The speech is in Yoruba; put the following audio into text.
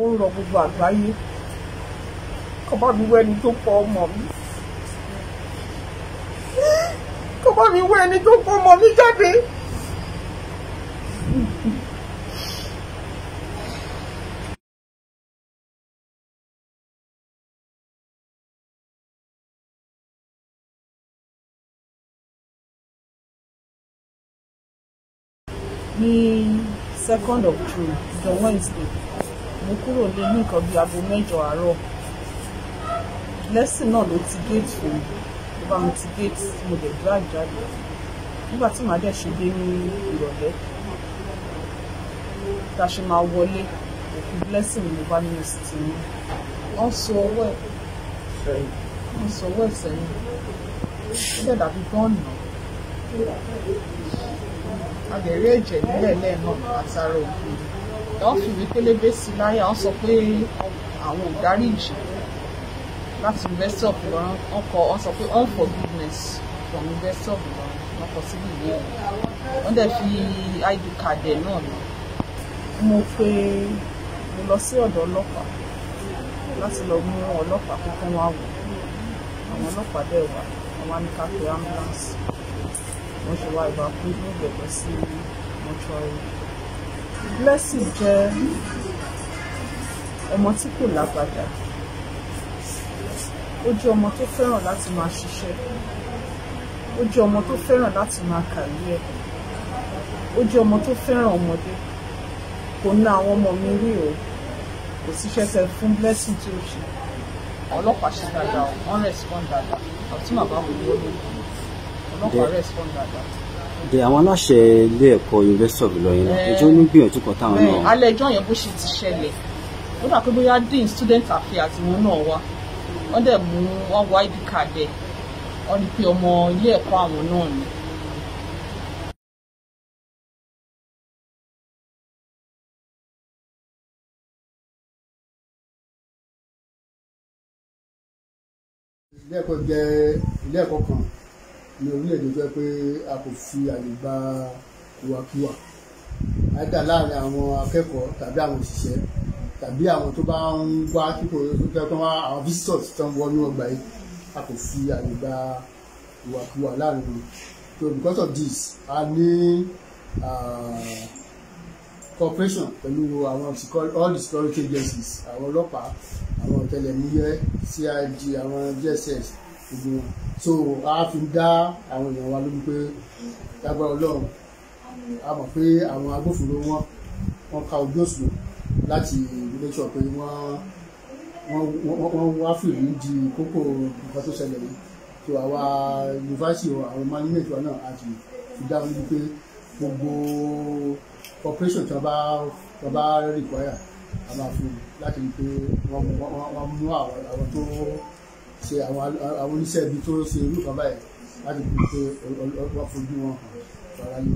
ó ń rọ gbogbo àgbáyé kọ́bá mi wẹ́ ẹni tó pọ̀ ọmọ mi kọ́bá mi wẹ́ ẹni tó pọ̀ ọmọ mi jáde. ní second of June, the Wednesday mo kúrò lé ní nǹkan bíi aago mẹ́jọ àárọ̀ lẹ́sìn náà ló ti géètì fún mi ló bá mi ti géètì mo dẹ̀ dúrà jáde nígbà tí màá dẹ̀ ṣe dé ní ìrọ̀lẹ́ tá a ṣe máa wọlé òkú blessing ló bá nínú sí ti mú wọ́n so ọwọ́ ẹ̀ sẹ́yìn wọ́n so ọwọ́ ẹ̀ sẹ́yìn ó dẹ̀ dàbí gọ́ọ̀nù a dẹ̀ rí ẹ̀jẹ̀ nílẹ̀ lẹ́ẹ̀ náà àtàrà òkú wọ́n fìwé pélébé sí láyà wọ́n sọ pé àwọn ò dáríjì láti University of Ilorin wọ́n kọ wọ́n sọ pé unforgiveness from University of Ilorin wọ́n kọ sí ìwé yẹn wọ́n dẹ̀ fi id card ẹ̀ náà lọ. mo pe mo lọ sí ọ̀dọ̀ ọlọ́pàá láti lọ mú ọlọ́pàá kankan wá wò àwọn ọlọ́pàá dẹ̀ wà àwọn àníkà pé ambulance wọ́n ṣe wá ìbá pé ní ìbẹ̀rẹ̀ sí mọ́túárì. Blessing jẹ́ ọmọ tí kò lágbàdà ó jẹ́ ọmọ tó fẹ́ràn láti máa ṣiṣẹ́ ó jẹ́ ọmọ tó fẹ́ràn láti máa kàwé ẹ̀ ó jẹ́ ọmọ tó fẹ́ràn ọmọdé kò ná àwọn ọmọ mi rí o kò síṣẹ́ tẹ fún Blessing tí ó ṣe ọlọ́pàá ṣe dáadáa wọ́n respond dáadáa ọtí màbá wò ló ní ọlọ́pàá respond dáadáa de àwọn aláṣẹ ilé ẹ̀kọ́ university of Ìlọrin ẹjọ́ ní gbìyànjú kan táwọn náà. alẹ́ ẹjọ́ yẹn bó ṣe ti ṣẹlẹ̀ ó dà pé bóyá dean student affairs wọn náà wá wọ́n dẹ̀ mú wọ́n wá id card ẹ̀ wọ́n rí i pé ọmọ ilé ẹ̀kọ́ àwọn náà ni. ilé ẹ̀kọ́ jẹ́ ilé ẹ̀kọ́ kan ní orílẹ̀-èdè tó pé a kò fi àyè gba ìwàkiwà àìdá láàrin àwọn akẹ́kọ̀ọ́ tàbí àwọn òṣìṣẹ́ tàbí àwọn tó bá ń wá kíkò tó wá àwọn visitors tó ń wọnú ọgbà yìí a kò fi àyè gba ìwàkiwà láàrin wọn so because of this a ní cooperation pẹ̀lú àwọn all the security agencies àwọn ọlọ́pàá àwọn ọ̀tẹlẹ̀múyẹ́ CID àwọn DSS so a fi ń dá àwọn èèyàn wa lójú pé lágbára ọlọ́run a mọ̀ pé àwọn agbófinró wọn wọn ka ojú òṣùwọ̀n láti make sure pé wọ́n wọ́n wá fìlú di kókó nǹkan tó ṣẹlẹ̀ yìí so àwa yunifásitì àwọn management wa náà àti fi dá lójú pé gbogbo operation tí wọ́n bá tí bá require a máa láti rí i pé wọ́n mú àwọn tó ṣe àwọn oníṣẹ́ ibi tó ṣe irú kan báyìí láti fi pé wọ́n fojú wọn hàn fara lé.